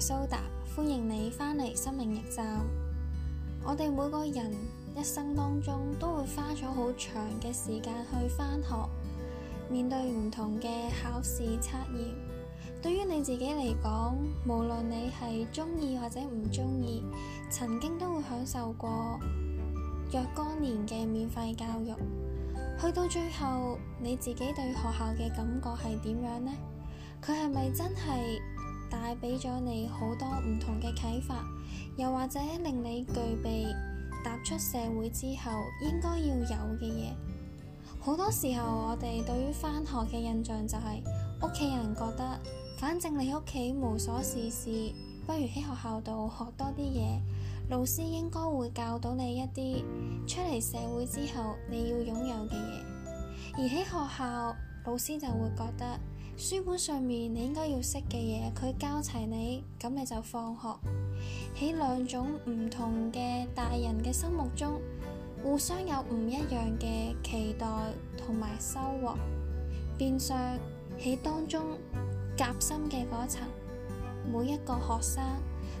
Soda 歡迎你翻嚟心靈驛站。我哋每個人一生當中都會花咗好長嘅時間去翻學，面對唔同嘅考試測驗。對於你自己嚟講，無論你係中意或者唔中意，曾經都會享受過若干年嘅免費教育。去到最後，你自己對學校嘅感覺係點樣呢？佢係咪真係？帶俾咗你好多唔同嘅啟發，又或者令你具備踏出社會之後應該要有嘅嘢。好多時候我哋對於返學嘅印象就係，屋企人覺得，反正你屋企無所事事，不如喺學校度學多啲嘢，老師應該會教到你一啲出嚟社會之後你要擁有嘅嘢。而喺學校，老師就會覺得。書本上面你應該要識嘅嘢，佢教齊你，咁你就放學。喺兩種唔同嘅大人嘅心目中，互相有唔一樣嘅期待同埋收穫，變相喺當中夾心嘅嗰層，每一個學生，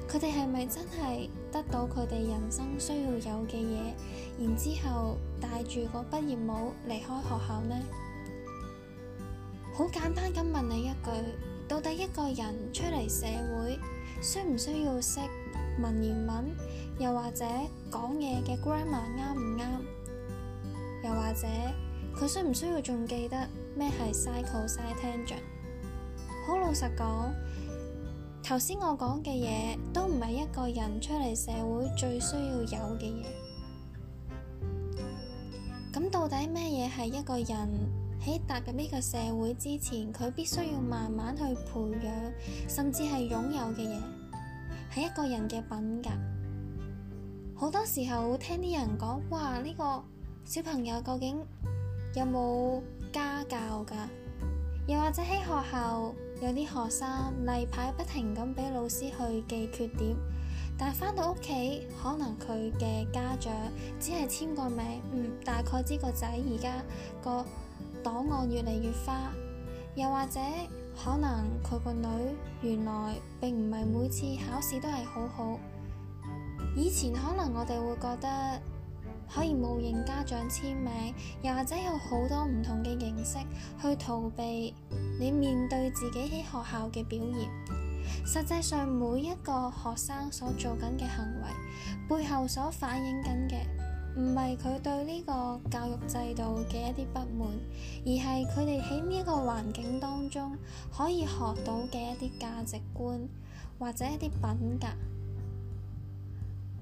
佢哋係咪真係得到佢哋人生需要有嘅嘢，然之後帶住個畢業帽離開學校呢？好簡單咁問你一句，到底一個人出嚟社會，需唔需要識文言文？又或者講嘢嘅 grammar 啱唔啱？又或者佢需唔需要仲記得咩係 cyclical tangent？好老實講，頭先我講嘅嘢都唔係一個人出嚟社會最需要有嘅嘢。咁到底咩嘢係一個人？喺踏入呢個社會之前，佢必須要慢慢去培養，甚至係擁有嘅嘢係一個人嘅品格。好多時候會聽啲人講，哇，呢個小朋友究竟有冇家教㗎？又或者喺學校有啲學生例牌不停咁俾老師去記缺點，但係翻到屋企，可能佢嘅家長只係簽個名，嗯，大概知個仔而家個。檔案越嚟越花，又或者可能佢個女原來並唔係每次考試都係好好。以前可能我哋會覺得可以冒認家長簽名，又或者有好多唔同嘅形式去逃避你面對自己喺學校嘅表現。實際上每一個學生所做緊嘅行為，背後所反映緊嘅。唔係佢對呢個教育制度嘅一啲不滿，而係佢哋喺呢個環境當中可以學到嘅一啲價值觀或者一啲品格。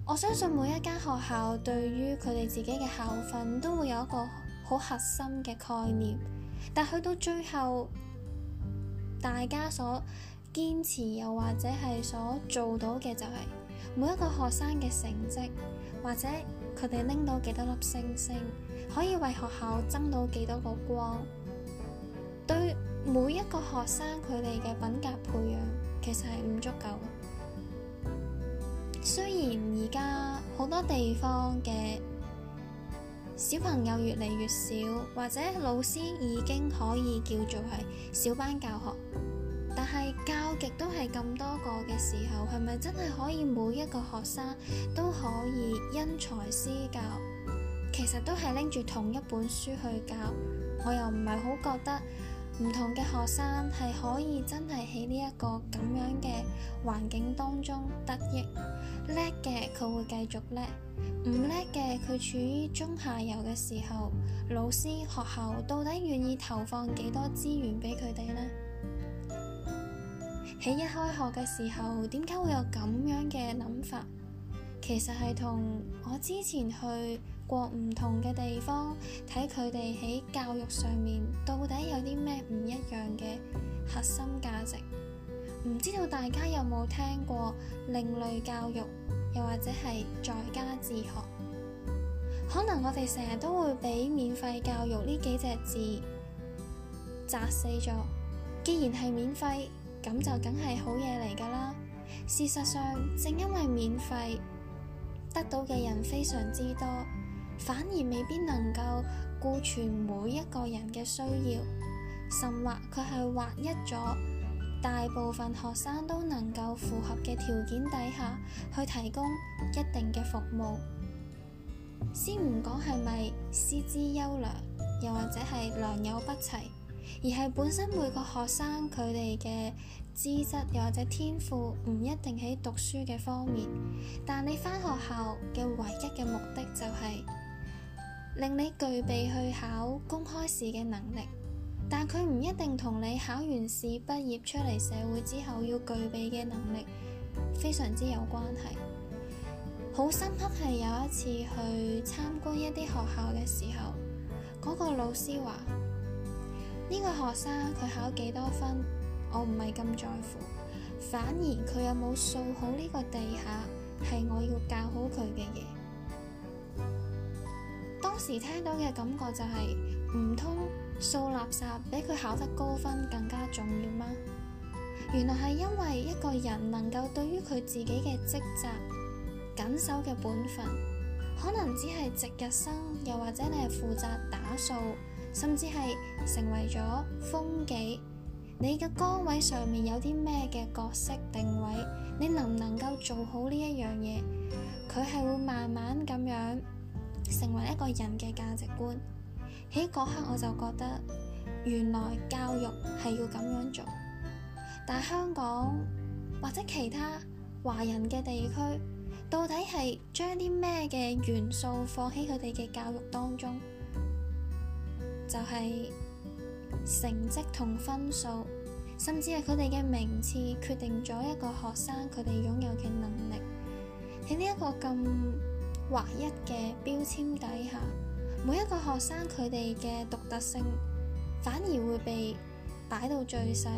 我相信每一間學校對於佢哋自己嘅校訓都會有一個好核心嘅概念，但去到最後，大家所堅持又或者係所做到嘅就係每一個學生嘅成績。或者佢哋拎到幾多粒星星，可以為學校爭到幾多個光，對每一個學生佢哋嘅品格培養其實係唔足夠嘅。雖然而家好多地方嘅小朋友越嚟越少，或者老師已經可以叫做係小班教學。但係教極都係咁多個嘅時候，係咪真係可以每一個學生都可以因材施教？其實都係拎住同一本書去教，我又唔係好覺得唔同嘅學生係可以真係喺呢一個咁樣嘅環境當中得益叻嘅，佢會繼續叻；唔叻嘅，佢處於中下游嘅時候，老師、學校到底願意投放幾多資源俾佢哋呢？喺一開學嘅時候，點解會有咁樣嘅諗法？其實係同我之前去過唔同嘅地方，睇佢哋喺教育上面到底有啲咩唔一樣嘅核心價值。唔知道大家有冇聽過另類教育，又或者係在家自學？可能我哋成日都會俾免費教育呢幾隻字窒死咗。既然係免費。咁就梗係好嘢嚟㗎啦。事實上，正因為免費得到嘅人非常之多，反而未必能夠顧全每一個人嘅需要，甚或佢係劃一咗大部分學生都能夠符合嘅條件底下去提供一定嘅服務。先唔講係咪師資優良，又或者係良莠不齊。而係本身每個學生佢哋嘅資質又或者天賦唔一定喺讀書嘅方面，但你返學校嘅唯一嘅目的就係令你具備去考公開試嘅能力。但佢唔一定同你考完試畢業出嚟社會之後要具備嘅能力非常之有關係。好深刻係有一次去參觀一啲學校嘅時候，嗰個老師話。呢個學生佢考幾多分，我唔係咁在乎，反而佢有冇掃好呢個地下係我要教好佢嘅嘢。當時聽到嘅感覺就係，唔通掃垃圾比佢考得高分更加重要嗎？原來係因為一個人能夠對於佢自己嘅職責謹守嘅本分，可能只係值日生，又或者你係負責打掃。甚至係成為咗風紀，你嘅崗位上面有啲咩嘅角色定位，你能唔能夠做好呢一樣嘢？佢係會慢慢咁樣成為一個人嘅價值觀。喺嗰刻我就覺得，原來教育係要咁樣做。但香港或者其他華人嘅地區，到底係將啲咩嘅元素放喺佢哋嘅教育當中？就係成績同分數，甚至係佢哋嘅名次，決定咗一個學生佢哋擁有嘅能力。喺呢一個咁劃一嘅標籤底下，每一個學生佢哋嘅獨特性反而會被擺到最細，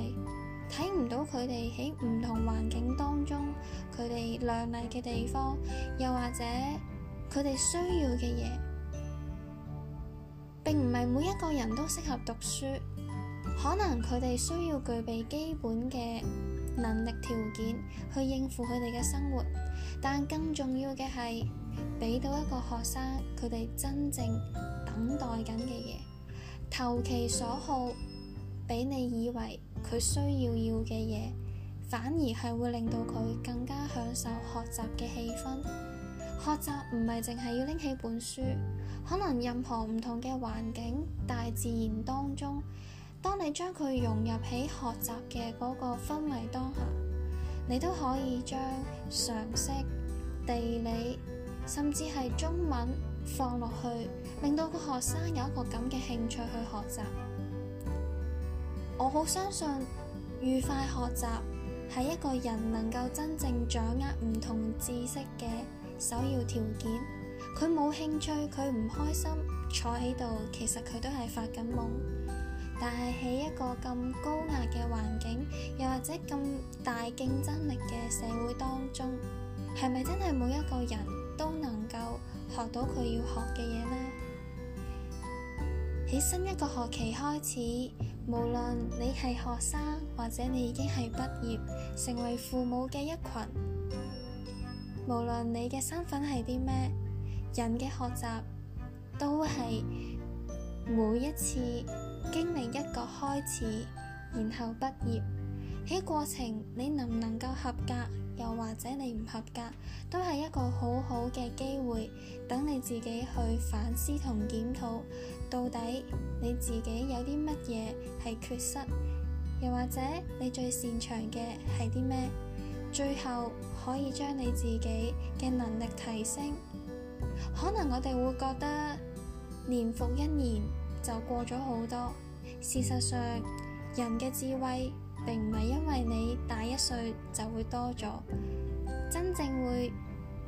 睇唔到佢哋喺唔同環境當中佢哋亮麗嘅地方，又或者佢哋需要嘅嘢。並唔係每一個人都適合讀書，可能佢哋需要具備基本嘅能力條件去應付佢哋嘅生活，但更重要嘅係俾到一個學生佢哋真正等待緊嘅嘢，投其所好，俾你以為佢需要要嘅嘢，反而係會令到佢更加享受學習嘅氣氛。學習唔係淨係要拎起本書，可能任何唔同嘅環境、大自然當中，當你將佢融入喺學習嘅嗰個氛圍當下，你都可以將常識、地理，甚至係中文放落去，令到個學生有一個咁嘅興趣去學習。我好相信愉快學習係一個人能夠真正掌握唔同知識嘅。首要條件，佢冇興趣，佢唔開心，坐喺度，其實佢都係發緊夢。但係喺一個咁高壓嘅環境，又或者咁大競爭力嘅社會當中，係咪真係每一個人都能夠學到佢要學嘅嘢呢？喺新一個學期開始，無論你係學生，或者你已經係畢業，成為父母嘅一群。無論你嘅身份係啲咩，人嘅學習都係每一次經歷一個開始，然後畢業，喺過程，你能唔能夠合格，又或者你唔合格，都係一個好好嘅機會，等你自己去反思同檢討，到底你自己有啲乜嘢係缺失，又或者你最擅長嘅係啲咩？最後。可以將你自己嘅能力提升，可能我哋會覺得年復一年就過咗好多。事實上，人嘅智慧並唔係因為你大一歲就會多咗，真正會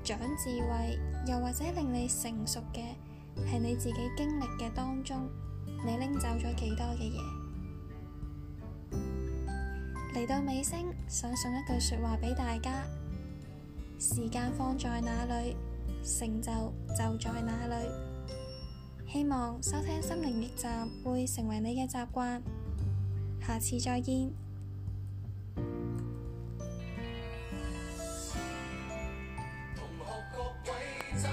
長智慧又或者令你成熟嘅，係你自己經歷嘅當中，你拎走咗幾多嘅嘢。嚟到尾聲，想送一句說話俾大家。時間放在哪裏，成就就在哪裏。希望收聽心靈驛站會成為你嘅習慣。下次再見。同學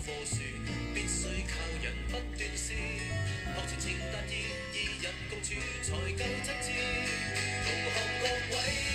必須靠人不斷試，學傳情達意，二人共處，才夠真摯。同學各位。